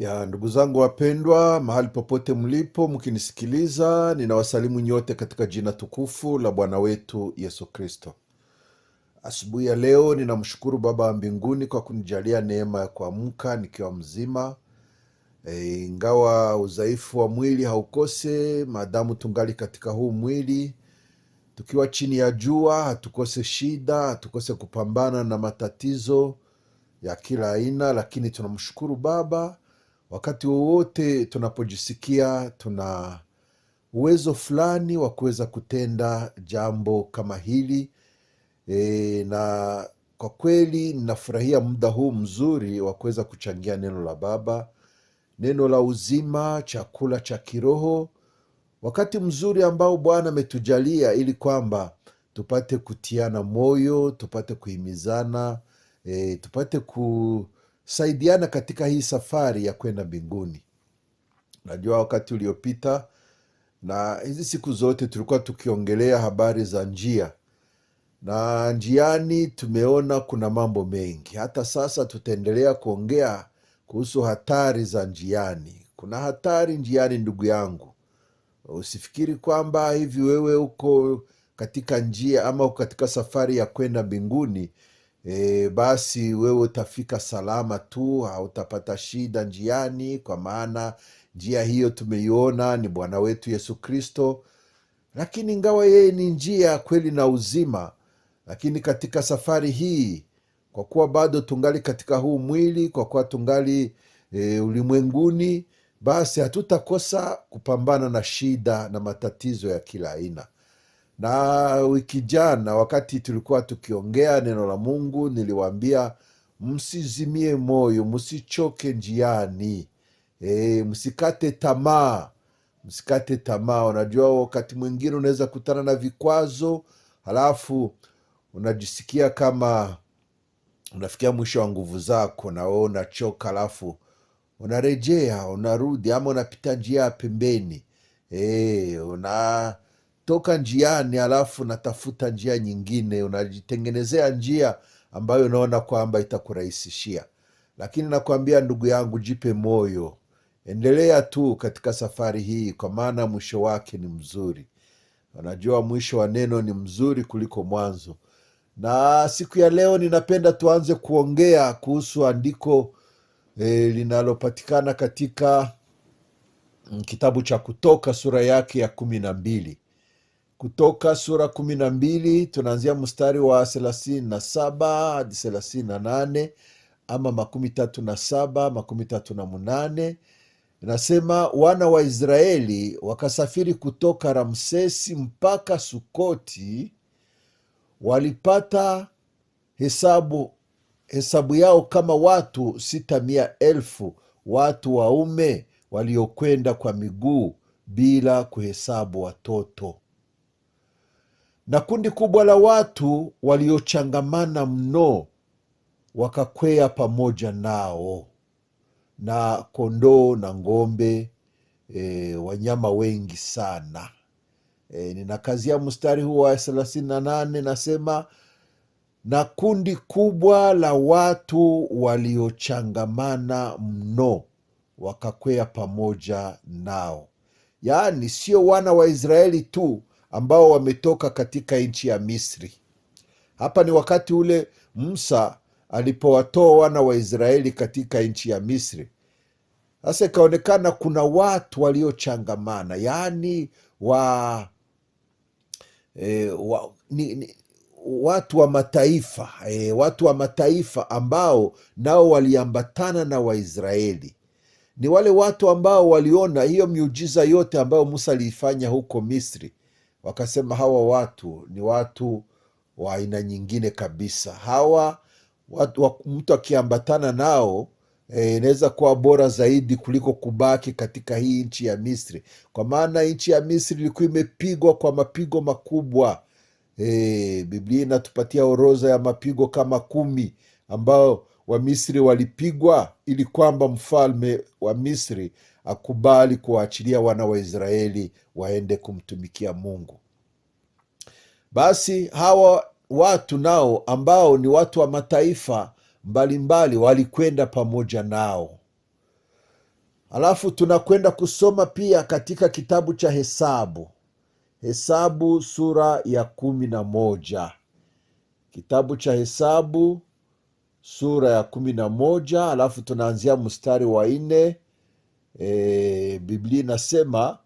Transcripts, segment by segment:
ya ndugu zangu wapendwa, mahali popote mlipo mkinisikiliza, ninawasalimu nyote katika jina tukufu la Bwana wetu Yesu Kristo. Asubuhi ya leo ninamshukuru Baba wa mbinguni kwa kunijalia neema ya kuamka nikiwa mzima, e, ingawa udhaifu wa mwili haukose, maadamu tungali katika huu mwili tukiwa chini ya jua, hatukose shida, hatukose kupambana na matatizo ya kila aina, lakini tunamshukuru Baba Wakati wowote tunapojisikia tuna uwezo fulani wa kuweza kutenda jambo kama hili e, na kwa kweli ninafurahia muda huu mzuri wa kuweza kuchangia neno la Baba, neno la uzima, chakula cha kiroho, wakati mzuri ambao Bwana ametujalia ili kwamba tupate kutiana moyo, tupate kuhimizana, e, tupate ku saidiana katika hii safari ya kwenda mbinguni. Najua wakati uliopita na hizi siku zote tulikuwa tukiongelea habari za njia, na njiani tumeona kuna mambo mengi. Hata sasa tutaendelea kuongea kuhusu hatari za njiani. Kuna hatari njiani, ndugu yangu. Usifikiri kwamba hivi wewe uko katika njia ama uko katika safari ya kwenda mbinguni E, basi wewe utafika salama tu, hautapata shida njiani, kwa maana njia hiyo tumeiona ni Bwana wetu Yesu Kristo. Lakini ingawa yeye ni njia, kweli na uzima, lakini katika safari hii, kwa kuwa bado tungali katika huu mwili, kwa kuwa tungali e, ulimwenguni, basi hatutakosa kupambana na shida na matatizo ya kila aina. Na wiki jana wakati tulikuwa tukiongea neno la Mungu, niliwaambia msizimie moyo, msichoke njiani, e, msikate tamaa, msikate tamaa. Unajua, wakati mwingine unaweza kutana na vikwazo, halafu unajisikia kama unafikia mwisho wa nguvu zako, na wewe unachoka, halafu unarejea, unarudi ama unapita njia ya pembeni, e, una toka njiani, alafu natafuta njia nyingine. Unajitengenezea njia ambayo unaona kwamba itakurahisishia. Lakini nakwambia ndugu yangu, jipe moyo, endelea tu katika safari hii, kwa maana mwisho wake ni mzuri. Unajua, mwisho wa neno ni mzuri kuliko mwanzo. Na siku ya leo ninapenda tuanze kuongea kuhusu andiko e, linalopatikana katika mm, kitabu cha Kutoka sura yake ya kumi na mbili. Kutoka sura kumi na mbili tunaanzia mstari wa thelathini na saba hadi thelathini na nane ama makumi tatu na saba makumi tatu na munane Inasema wana wa Israeli wakasafiri kutoka Ramsesi mpaka Sukoti, walipata hesabu hesabu yao kama watu sita mia elfu watu waume waliokwenda kwa miguu bila kuhesabu watoto na kundi kubwa la watu waliochangamana mno wakakwea pamoja nao, na kondoo na ng'ombe, e, wanyama wengi sana. E, ninakazia mstari huu wa thelathini na nane, nasema na kundi kubwa la watu waliochangamana mno wakakwea pamoja nao, yaani sio wana wa Israeli tu ambao wametoka katika nchi ya Misri. Hapa ni wakati ule Musa alipowatoa wana wa Israeli katika nchi ya Misri. Sasa ikaonekana kuna watu waliochangamana, yaani wa, e, wa ni, ni, watu wa mataifa e, watu wa mataifa ambao nao waliambatana na Waisraeli. Ni wale watu ambao waliona hiyo miujiza yote ambayo Musa aliifanya huko Misri, wakasema hawa watu ni watu wa aina nyingine kabisa. Hawa watu, mtu akiambatana nao eh, inaweza e, kuwa bora zaidi kuliko kubaki katika hii nchi ya Misri, kwa maana nchi ya Misri ilikuwa imepigwa kwa mapigo makubwa. E, Biblia inatupatia orodha ya mapigo kama kumi ambayo Wamisri walipigwa ili kwamba mfalme wa Misri akubali kuwaachilia wana wa Israeli waende kumtumikia Mungu. Basi hawa watu nao ambao ni watu wa mataifa mbalimbali walikwenda pamoja nao. Alafu tunakwenda kusoma pia katika kitabu cha Hesabu, Hesabu sura ya kumi na moja kitabu cha Hesabu sura ya kumi na moja alafu tunaanzia mstari wa nne e, Biblia inasema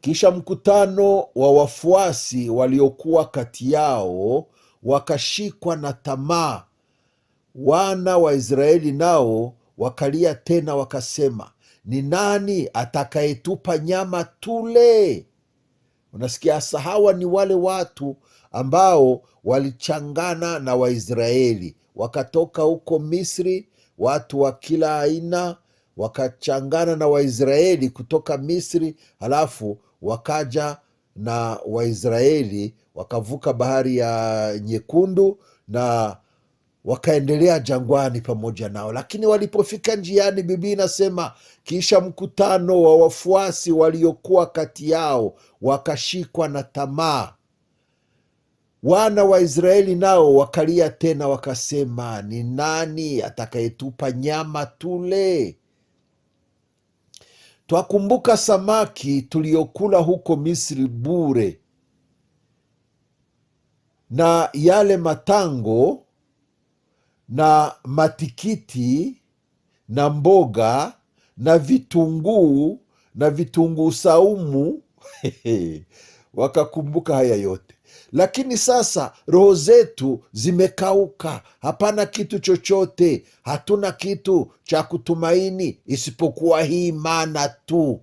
kisha mkutano wa wafuasi waliokuwa kati yao wakashikwa na tamaa, wana wa Israeli nao wakalia tena, wakasema ni nani atakayetupa nyama tule? Unasikia, hasa hawa ni wale watu ambao walichangana na Waisraeli, wakatoka huko Misri, watu wa kila aina wakachangana na Waisraeli kutoka Misri, halafu wakaja na Waisraeli wakavuka bahari ya Nyekundu na wakaendelea jangwani pamoja nao. Lakini walipofika njiani, Biblia inasema kisha mkutano wa wafuasi waliokuwa kati yao wakashikwa na tamaa, wana wa Israeli nao wakalia tena, wakasema, ni nani atakayetupa nyama tule? Twakumbuka samaki tuliyokula huko Misri bure na yale matango na matikiti na mboga na vitunguu na vitunguu saumu wakakumbuka haya yote lakini sasa roho zetu zimekauka, hapana kitu chochote, hatuna kitu cha kutumaini isipokuwa hii mana tu.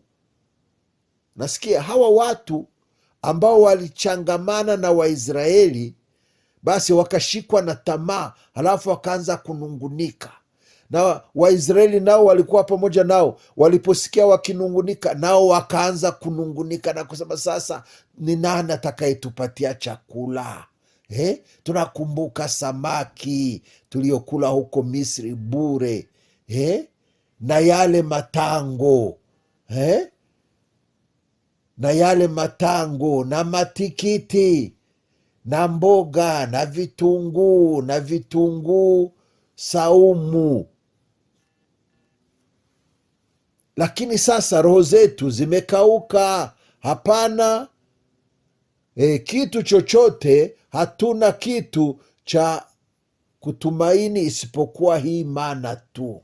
Nasikia hawa watu ambao walichangamana na Waisraeli basi wakashikwa na tamaa, halafu wakaanza kunungunika na Waisraeli nao walikuwa pamoja nao, waliposikia wakinungunika, nao wakaanza kunungunika na kusema, sasa ni nani atakayetupatia chakula? Eh, tunakumbuka samaki tuliokula huko Misri bure, eh, na yale matango eh, na yale matango na matikiti na mboga na vitunguu na vitunguu saumu lakini sasa roho zetu zimekauka. Hapana e, kitu chochote, hatuna kitu cha kutumaini isipokuwa hii mana tu.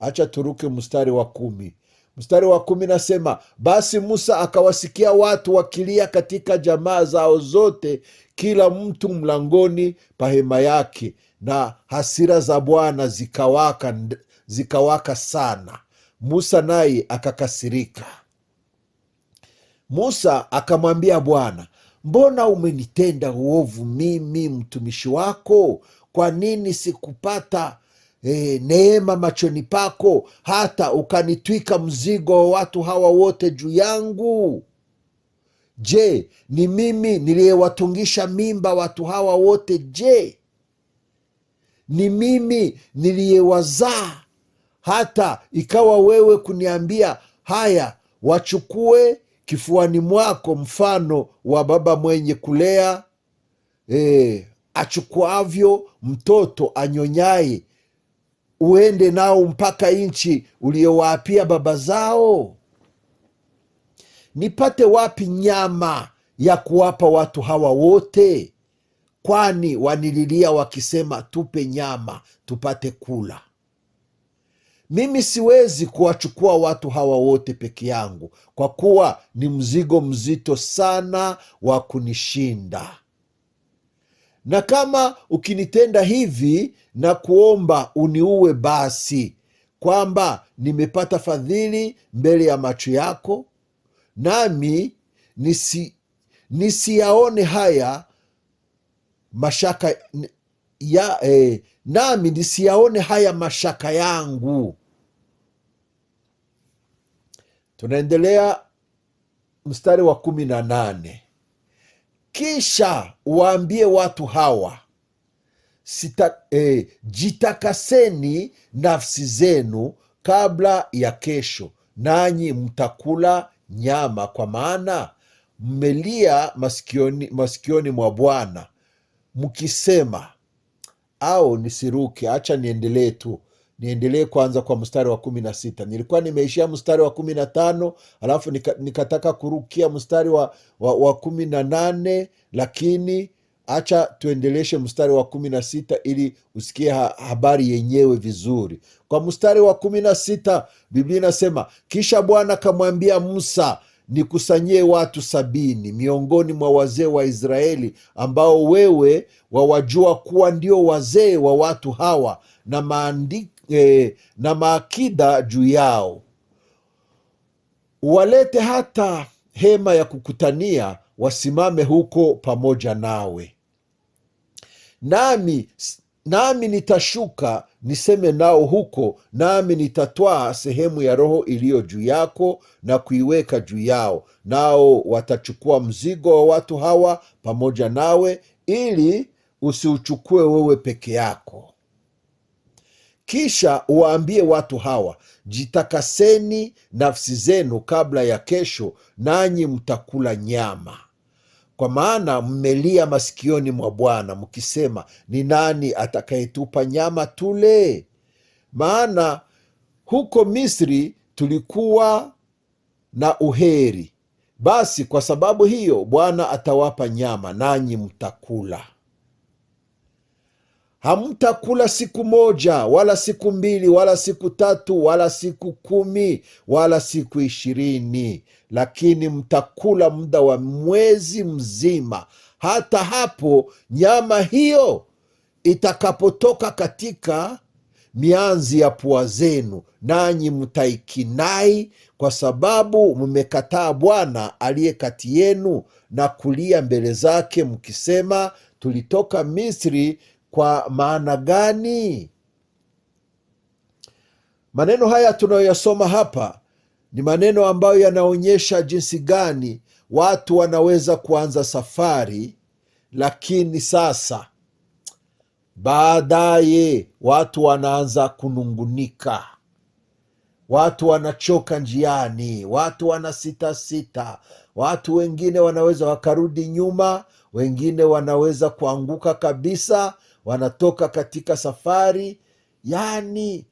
hacha turuke mstari wa kumi. Mstari wa kumi nasema, basi Musa akawasikia watu wakilia katika jamaa zao zote, kila mtu mlangoni pa hema yake, na hasira za Bwana zikawaka, zikawaka sana. Musa naye akakasirika. Musa akamwambia Bwana, mbona umenitenda uovu mimi mtumishi wako? Kwa nini sikupata e, neema machoni pako hata ukanitwika mzigo wa watu hawa wote juu yangu? Je, ni mimi niliyewatungisha mimba watu hawa wote? Je, ni mimi niliyewazaa hata ikawa wewe kuniambia haya, wachukue kifuani mwako mfano wa baba mwenye kulea e, achukuavyo mtoto anyonyaye, uende nao mpaka nchi uliyowaapia baba zao. Nipate wapi nyama ya kuwapa watu hawa wote? Kwani wanililia wakisema, tupe nyama tupate kula. Mimi siwezi kuwachukua watu hawa wote peke yangu, kwa kuwa ni mzigo mzito sana wa kunishinda. Na kama ukinitenda hivi na kuomba uniue, basi kwamba nimepata fadhili mbele ya macho yako, nami nisi nisiyaone haya mashaka ya, eh, nami nisiyaone haya mashaka yangu Tunaendelea mstari wa kumi na nane kisha waambie watu hawa sita, eh, jitakaseni nafsi zenu kabla ya kesho, nanyi mtakula nyama, kwa maana mmelia masikioni, masikioni mwa Bwana mkisema. Au nisiruke, acha niendelee tu niendelee kwanza kwa mstari wa kumi na sita. Nilikuwa nimeishia mstari wa kumi na tano alafu nika, nikataka kurukia mstari wa, wa, wa kumi na nane lakini hacha tuendeleshe mstari wa kumi na sita ili usikie ha habari yenyewe vizuri. Kwa mstari wa kumi na sita Biblia inasema kisha Bwana akamwambia Musa, nikusanyie watu sabini miongoni mwa wazee wa Israeli ambao wewe wawajua kuwa ndio wazee wa watu hawa, na maandiko e, na maakida juu yao, walete hata hema ya kukutania, wasimame huko pamoja nawe. Nami nami nitashuka niseme nao huko, nami nitatwaa sehemu ya roho iliyo juu yako na kuiweka juu yao, nao watachukua mzigo wa watu hawa pamoja nawe, ili usiuchukue wewe peke yako. Kisha waambie watu hawa, jitakaseni nafsi zenu kabla ya kesho, nanyi mtakula nyama, kwa maana mmelia masikioni mwa Bwana mkisema, ni nani atakayetupa nyama tule? Maana huko Misri tulikuwa na uheri. Basi kwa sababu hiyo Bwana atawapa nyama, nanyi mtakula hamtakula siku moja wala siku mbili wala siku tatu wala siku kumi wala siku ishirini, lakini mtakula muda wa mwezi mzima, hata hapo nyama hiyo itakapotoka katika mianzi ya pua zenu, nanyi mtaikinai, kwa sababu mmekataa Bwana aliye kati yenu na kulia mbele zake mkisema, tulitoka Misri kwa maana gani? Maneno haya tunayoyasoma hapa ni maneno ambayo yanaonyesha jinsi gani watu wanaweza kuanza safari, lakini sasa baadaye watu wanaanza kunungunika, watu wanachoka njiani, watu wanasitasita, watu wengine wanaweza wakarudi nyuma, wengine wanaweza kuanguka kabisa, wanatoka katika safari yani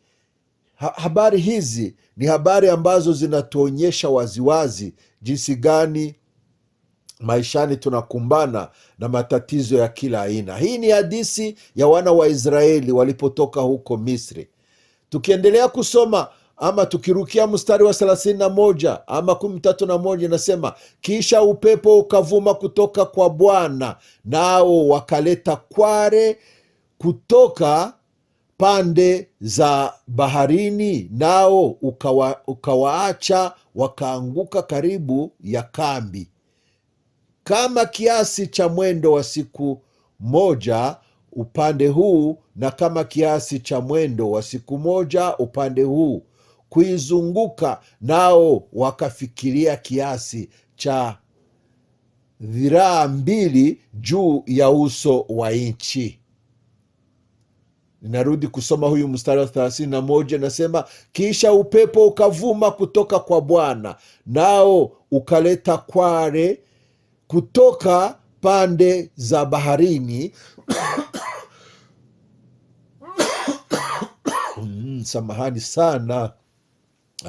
ha habari hizi ni habari ambazo zinatuonyesha waziwazi jinsi gani maishani tunakumbana na matatizo ya kila aina. Hii ni hadisi ya wana wa Israeli walipotoka huko Misri. Tukiendelea kusoma ama tukirukia mstari wa thelathini na moja ama kumi tatu na moja inasema, kisha upepo ukavuma kutoka kwa Bwana, nao wakaleta kware kutoka pande za baharini, nao ukawa, ukawaacha wakaanguka karibu ya kambi, kama kiasi cha mwendo wa siku moja upande huu na kama kiasi cha mwendo wa siku moja upande huu kuizunguka, nao wakafikiria kiasi cha dhiraa mbili juu ya uso wa nchi. Ninarudi kusoma huyu mstari wa thelathini na moja nasema, kisha upepo ukavuma kutoka kwa Bwana, nao ukaleta kware kutoka pande za baharini mm, samahani sana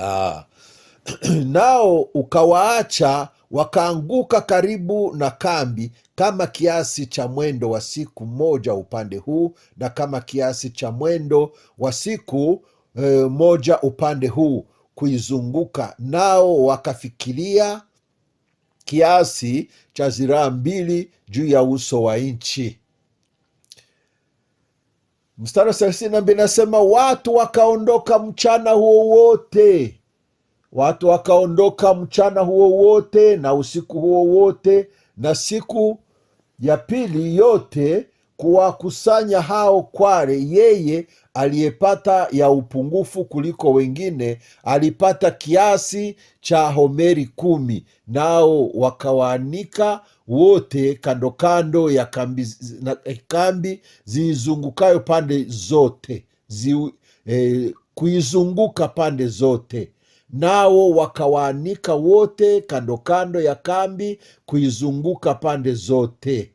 ah. nao ukawaacha wakaanguka karibu na kambi kama kiasi cha mwendo wa siku moja upande huu na kama kiasi cha mwendo wa siku e, moja upande huu kuizunguka, nao wakafikiria kiasi cha ziraa mbili juu ya uso wa nchi. mstara 32 nasema watu wakaondoka mchana huo wote watu wakaondoka mchana huo wote na usiku huo wote na siku ya pili yote kuwakusanya hao kware. Yeye aliyepata ya upungufu kuliko wengine alipata kiasi cha homeri kumi, nao wakawaanika wote kando kando ya kambi, na, eh, kambi ziizungukayo pande zote zi, eh, kuizunguka pande zote nao wakawaanika wote kando kando ya kambi kuizunguka pande zote.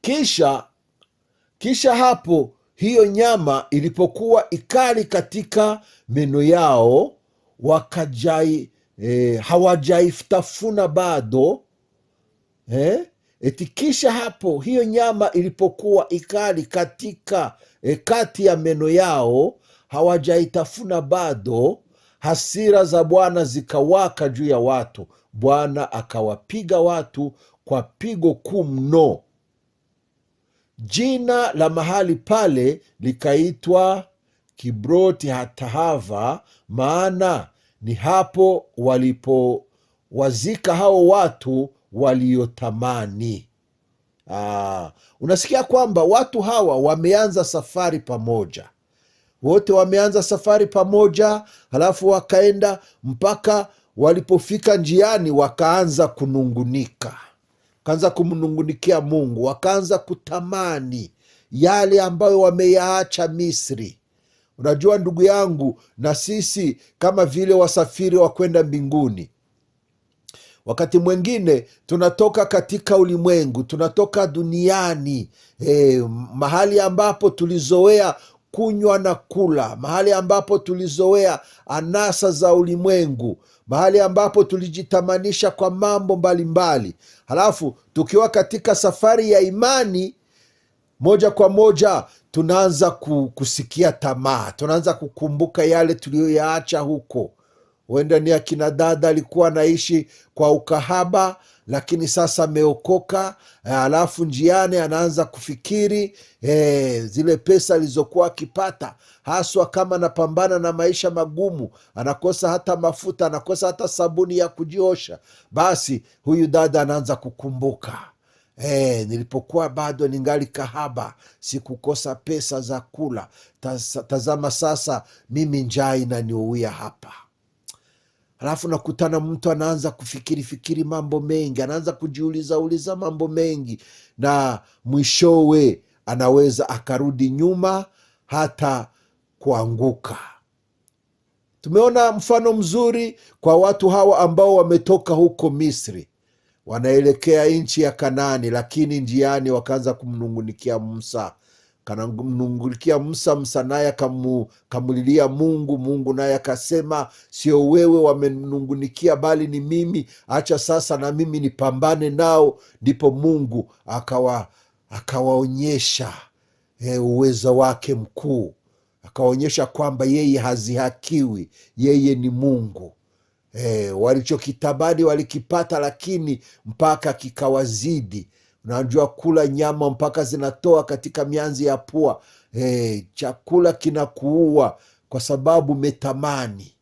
Kisha kisha hapo hiyo nyama ilipokuwa ikali katika meno yao wakajai eh, hawajaitafuna bado eh, eti kisha hapo hiyo nyama ilipokuwa ikali katika eh, kati ya meno yao hawajaitafuna bado hasira za Bwana zikawaka juu ya watu, Bwana akawapiga watu kwa pigo kuu mno. Jina la mahali pale likaitwa Kibroti Hatahava, maana ni hapo walipowazika hao watu waliotamani. Aa, ah, unasikia kwamba watu hawa wameanza safari pamoja wote wameanza safari pamoja, halafu wakaenda mpaka walipofika njiani, wakaanza kunungunika, wakaanza kumnungunikia Mungu, wakaanza kutamani yale ambayo wameyaacha Misri. Unajua ndugu yangu, na sisi kama vile wasafiri wa kwenda mbinguni, wakati mwingine tunatoka katika ulimwengu, tunatoka duniani eh, mahali ambapo tulizoea kunywa na kula, mahali ambapo tulizoea anasa za ulimwengu, mahali ambapo tulijitamanisha kwa mambo mbalimbali mbali. Halafu tukiwa katika safari ya imani moja kwa moja tunaanza kusikia tamaa, tunaanza kukumbuka yale tuliyoyaacha huko. Huenda ni akina dada alikuwa anaishi kwa ukahaba lakini sasa ameokoka, eh, alafu njiani anaanza kufikiri e, zile pesa alizokuwa akipata, haswa kama anapambana na maisha magumu, anakosa hata mafuta, anakosa hata sabuni ya kujiosha, basi huyu dada anaanza kukumbuka E, nilipokuwa bado ningali kahaba sikukosa pesa za kula. Tazama sasa mimi njaa inaniuia hapa alafu nakutana mtu anaanza kufikiri fikiri mambo mengi, anaanza kujiuliza uliza mambo mengi, na mwishowe anaweza akarudi nyuma hata kuanguka. Tumeona mfano mzuri kwa watu hawa ambao wametoka huko Misri wanaelekea nchi ya kanani lakini njiani wakaanza kumnungunikia msa kanamnungulikia msa msa naye akamulilia Mungu. Mungu naye akasema, sio wewe wamenungunikia, bali ni mimi. hacha sasa na mimi nipambane nao. Ndipo Mungu akawa akawaonyesha e, uwezo wake mkuu, akawaonyesha kwamba yeye hazihakiwi, yeye ni Mungu. E, walichokitabani walikipata, lakini mpaka kikawazidi unajua kula nyama mpaka zinatoa katika mianzi ya pua. Hey, eh, chakula kinakuua kwa sababu metamani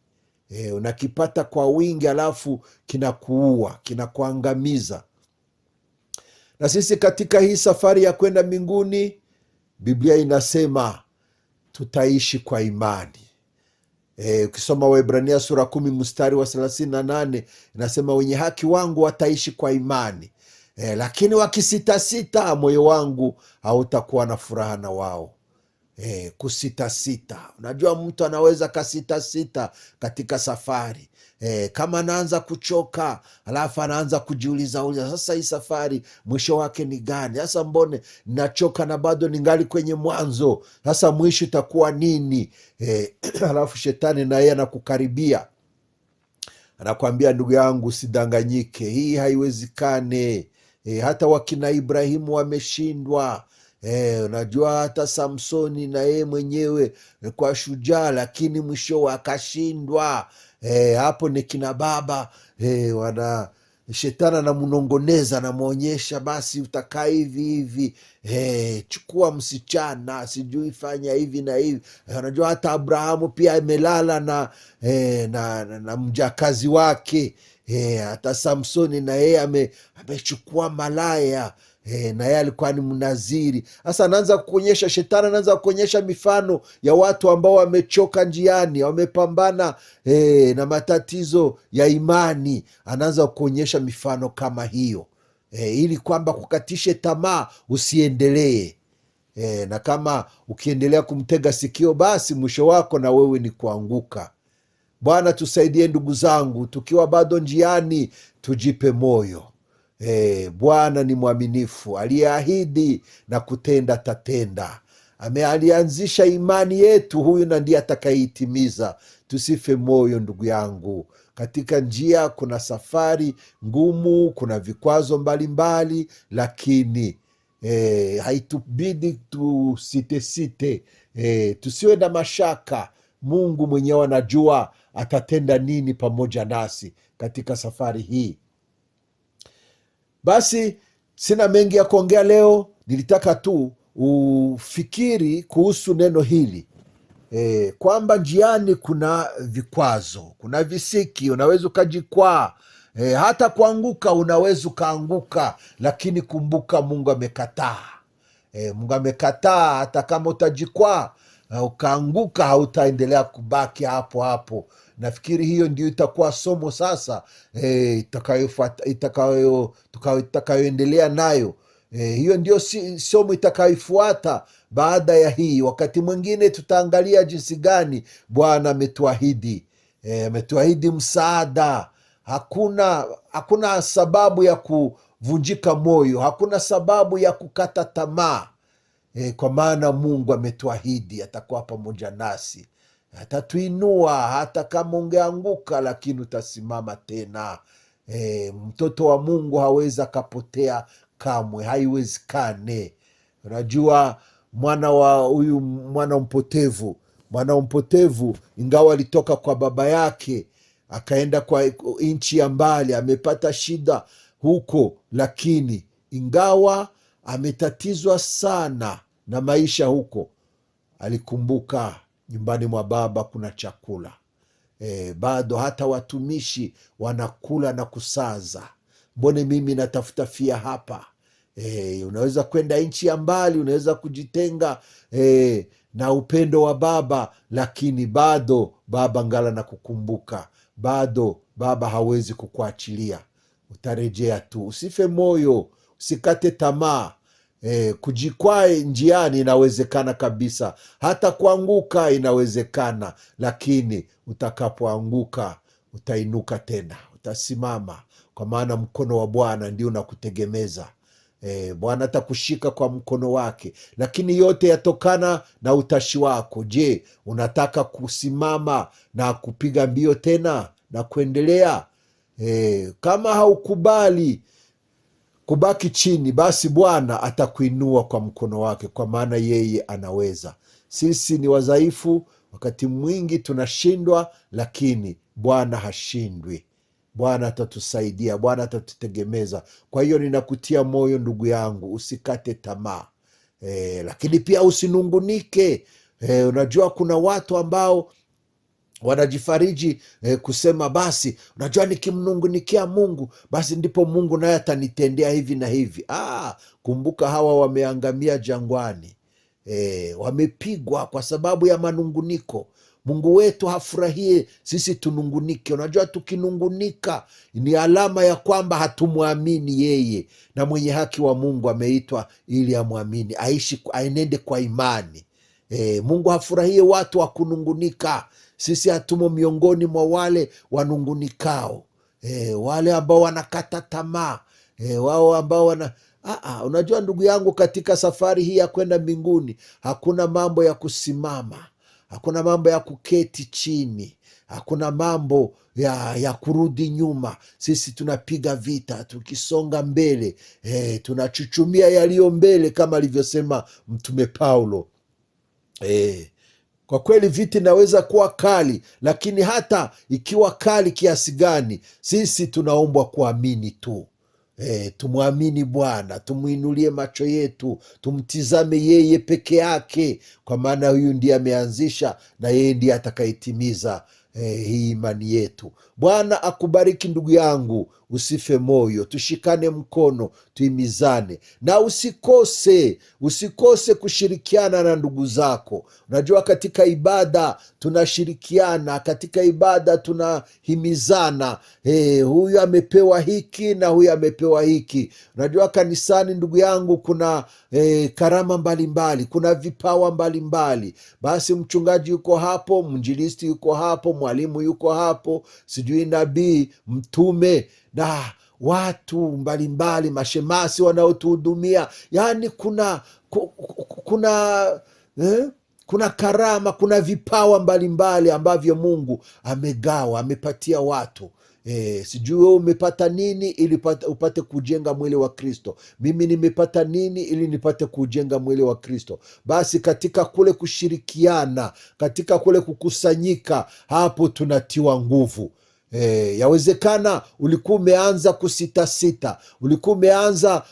Hey, eh, unakipata kwa wingi alafu kinakuua, kinakuangamiza. Na sisi katika hii safari ya kwenda mbinguni, Biblia inasema tutaishi kwa imani. E, ukisoma wahibrania sura kumi mstari wa thelathini na nane inasema wenye haki wangu wataishi kwa imani eh, lakini wakisitasita, moyo wangu hautakuwa na furaha na wao. Eh, kusitasita, unajua mtu anaweza kasitasita katika safari eh, kama anaanza kuchoka alafu anaanza kujiuliza uliza, sasa hii safari mwisho wake ni gani? Sasa mbone nachoka na bado ningali kwenye mwanzo, sasa mwisho itakuwa nini? Eh, alafu shetani na yeye anakukaribia, anakuambia ndugu yangu, usidanganyike, hii haiwezekane e, hata wakina Ibrahimu wameshindwa. E, unajua hata Samsoni na yeye mwenyewe kwa shujaa, lakini mwishowe akashindwa. E, hapo ni kina baba e, wana shetani anamnongoneza, anamwonyesha basi, utakaa hivi hivi e, chukua msichana, sijui fanya hivi na hivi. E, unajua hata Abrahamu pia amelala na, e, na, na, na mjakazi wake Eh, hata e, Samsoni na yeye amechukua malaya e, na yeye alikuwa ni Mnaziri. Sasa anaanza kuonyesha, shetani anaanza kuonyesha mifano ya watu ambao wamechoka njiani, wamepambana e, na matatizo ya imani. Anaanza kuonyesha mifano kama hiyo e, ili kwamba kukatishe tamaa usiendelee. E, na kama ukiendelea kumtega sikio, basi mwisho wako na wewe ni kuanguka. Bwana tusaidie ndugu zangu, tukiwa bado njiani, tujipe moyo. E, Bwana ni mwaminifu, aliyeahidi na kutenda tatenda. alianzisha imani yetu, huyu na ndiye atakayeitimiza. Tusife moyo ndugu yangu. Katika njia kuna safari ngumu, kuna vikwazo mbalimbali mbali, lakini e, haitubidi tusitesite. E, tusiwe na mashaka. Mungu mwenyewe anajua atatenda nini pamoja nasi katika safari hii. Basi sina mengi ya kuongea leo, nilitaka tu ufikiri kuhusu neno hili e, kwamba njiani kuna vikwazo, kuna visiki, unaweza ukajikwaa e, hata kuanguka, unaweza ukaanguka, lakini kumbuka, Mungu amekataa e, Mungu amekataa, hata kama utajikwaa ukaanguka, hautaendelea kubaki hapo hapo. Nafikiri hiyo ndio itakuwa somo sasa e, itakayoendelea nayo e, hiyo ndio si, somo itakayoifuata baada ya hii. Wakati mwingine tutaangalia jinsi gani Bwana ametuahidi eh, ametuahidi msaada. Hakuna, hakuna sababu ya kuvunjika moyo, hakuna sababu ya kukata tamaa e, kwa maana Mungu ametuahidi atakuwa pamoja nasi, atatuinua hata kama ungeanguka, lakini utasimama tena. E, mtoto wa Mungu hawezi akapotea kamwe, haiwezekane. Unajua mwana wa huyu mwana mpotevu, mwana mpotevu ingawa alitoka kwa baba yake akaenda kwa nchi ya mbali, amepata shida huko, lakini ingawa ametatizwa sana na maisha huko. Alikumbuka nyumbani mwa baba kuna chakula e, bado hata watumishi wanakula na kusaza. Mbone mimi natafuta fia hapa e, unaweza kwenda nchi ya mbali, unaweza kujitenga e, na upendo wa baba, lakini bado baba ngala na kukumbuka, bado baba hawezi kukuachilia. Utarejea tu, usife moyo, usikate tamaa. E, kujikwae njiani inawezekana kabisa, hata kuanguka inawezekana, lakini utakapoanguka utainuka tena, utasimama, kwa maana mkono wa Bwana ndio unakutegemeza. E, Bwana atakushika kwa mkono wake, lakini yote yatokana na utashi wako. Je, unataka kusimama na kupiga mbio tena na kuendelea? E, kama haukubali kubaki chini, basi Bwana atakuinua kwa mkono wake, kwa maana yeye anaweza. Sisi ni wadhaifu, wakati mwingi tunashindwa, lakini Bwana hashindwi. Bwana atatusaidia, Bwana atatutegemeza. Kwa hiyo ninakutia moyo ndugu yangu, usikate tamaa e, lakini pia usinungunike. E, unajua kuna watu ambao wanajifariji eh, kusema basi, unajua nikimnungunikia Mungu basi ndipo Mungu naye atanitendea hivi na hivi. Ah, kumbuka hawa wameangamia jangwani eh, wamepigwa kwa sababu ya manunguniko. Mungu wetu hafurahie sisi tunungunike. Unajua, tukinungunika ni alama ya kwamba hatumwamini yeye, na mwenye haki wa Mungu ameitwa ili amwamini, aishi, aenende kwa imani. E, Mungu hafurahie watu wa kunungunika. Sisi hatumo miongoni mwa wale wanungunikao, e, wale ambao wanakata tamaa, e, wao ambao wana Aa, ah, ah, unajua ndugu yangu, katika safari hii ya kwenda mbinguni hakuna mambo ya kusimama, hakuna mambo ya kuketi chini, hakuna mambo ya, ya kurudi nyuma. Sisi tunapiga vita tukisonga mbele, e, tunachuchumia yaliyo mbele kama alivyosema Mtume Paulo e, kwa kweli vita inaweza kuwa kali, lakini hata ikiwa kali kiasi gani, sisi tunaombwa kuamini tu. E, tumwamini Bwana, tumwinulie macho yetu, tumtizame yeye peke yake, kwa maana huyu ndiye ameanzisha na yeye ndiye atakayetimiza e, hii imani yetu. Bwana akubariki ndugu yangu usife moyo, tushikane mkono, tuimizane na usikose, usikose kushirikiana na ndugu zako. Unajua, katika ibada tunashirikiana, katika ibada tunahimizana. E, huyu amepewa hiki na huyu amepewa hiki. Unajua, kanisani ndugu yangu, kuna e, karama mbalimbali mbali, kuna vipawa mbalimbali mbali. Basi mchungaji yuko hapo, mwinjilisti yuko hapo, mwalimu yuko hapo, sijui nabii, mtume na watu mbalimbali mbali, mashemasi wanaotuhudumia yaani kuna kuna eh, kuna karama kuna vipawa mbalimbali mbali ambavyo Mungu amegawa amepatia watu eh, sijui we umepata nini ili upate kujenga mwili wa Kristo. Mimi nimepata nini ili nipate kujenga mwili wa Kristo? Basi katika kule kushirikiana, katika kule kukusanyika, hapo tunatiwa nguvu. E, yawezekana ulikuwa umeanza kusitasita, ulikuwa umeanza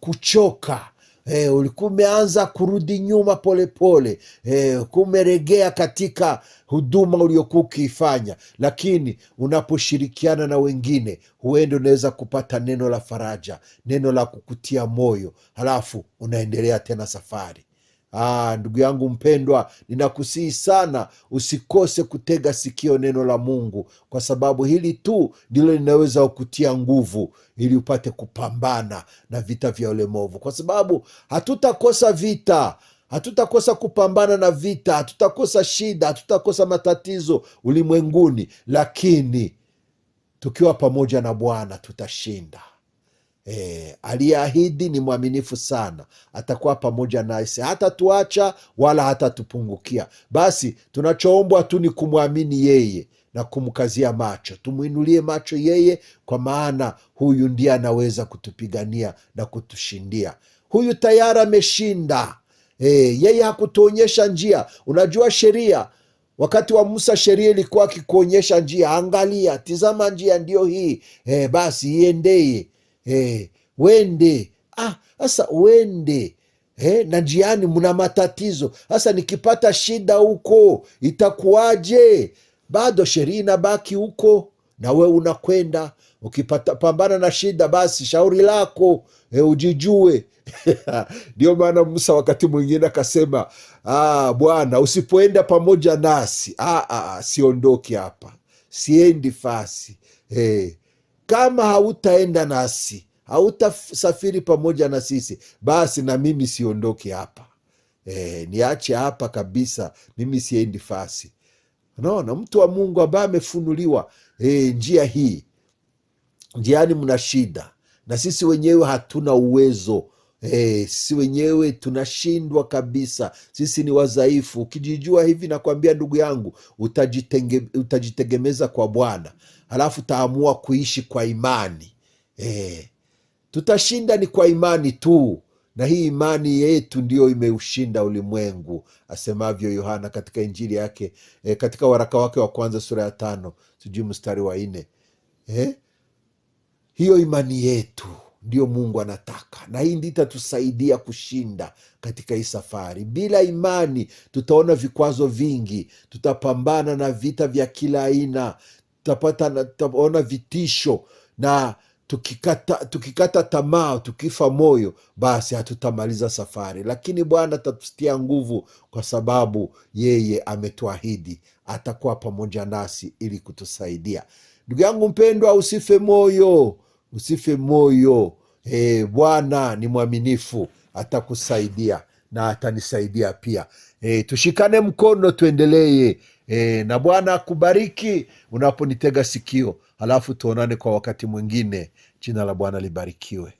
kuchoka E, ulikuwa umeanza kurudi nyuma polepole pole. E, eh, kumeregea katika huduma uliokuwa ukiifanya, lakini unaposhirikiana na wengine, huenda unaweza kupata neno la faraja, neno la kukutia moyo, halafu unaendelea tena safari. Ah, ndugu yangu mpendwa, ninakusihi sana usikose kutega sikio neno la Mungu, kwa sababu hili tu ndilo linaweza kutia nguvu ili upate kupambana na vita vya ulemovu, kwa sababu hatutakosa vita hatutakosa kupambana na vita, hatutakosa shida, hatutakosa matatizo ulimwenguni, lakini tukiwa pamoja na Bwana tutashinda. E, eh, aliyeahidi ni mwaminifu sana, atakuwa pamoja nasi, hatatuacha wala hatatupungukia. Basi tunachoombwa tu ni kumwamini yeye na kumkazia macho, tumwinulie macho yeye, kwa maana huyu ndiye anaweza kutupigania na kutushindia. Huyu tayari ameshinda. E, yeye hakutuonyesha njia. Unajua sheria wakati wa Musa sheria ilikuwa akikuonyesha njia, angalia, tizama, njia ndio hii. E, basi iendeye eh, wende ah, sasa ah, wende eh, na njiani mna matatizo sasa, nikipata shida huko itakuwaje? Bado sheria inabaki huko na we unakwenda ukipata pambana na shida, basi shauri lako e, ujijue. Ndio maana Musa wakati mwingine akasema, ah, Bwana usipoenda pamoja nasi, ah, siondoki hapa, siendi fasi e, kama hautaenda nasi, hautasafiri pamoja na sisi, basi na mimi siondoke hapa e, niache hapa kabisa, mimi siendi fasi. naona mtu wa Mungu ambaye amefunuliwa e, njia hii, njiani mna shida na sisi wenyewe hatuna uwezo e, sisi wenyewe tunashindwa kabisa, sisi ni wadhaifu. Ukijijua hivi, nakwambia ndugu yangu, utajitegemeza kwa Bwana halafu taamua kuishi kwa imani e. Tutashinda ni kwa imani tu, na hii imani yetu ndiyo imeushinda ulimwengu, asemavyo Yohana katika injili yake e, katika waraka wake wa kwanza sura ya tano sijui mstari wa nne e. Hiyo imani yetu ndiyo Mungu anataka, na hii ndi itatusaidia kushinda katika hii safari. Bila imani, tutaona vikwazo vingi, tutapambana na vita vya kila aina, tapata tutaona vitisho na tukikata, tukikata tamaa, tukifa moyo, basi hatutamaliza safari, lakini Bwana atatutia nguvu, kwa sababu yeye ametuahidi atakuwa pamoja nasi ili kutusaidia. Ndugu yangu mpendwa, usife moyo, usife moyo. E, Bwana ni mwaminifu, atakusaidia na atanisaidia pia. E, tushikane mkono, tuendelee e, na Bwana akubariki unaponitega sikio. Halafu tuonane kwa wakati mwingine. Jina la Bwana libarikiwe.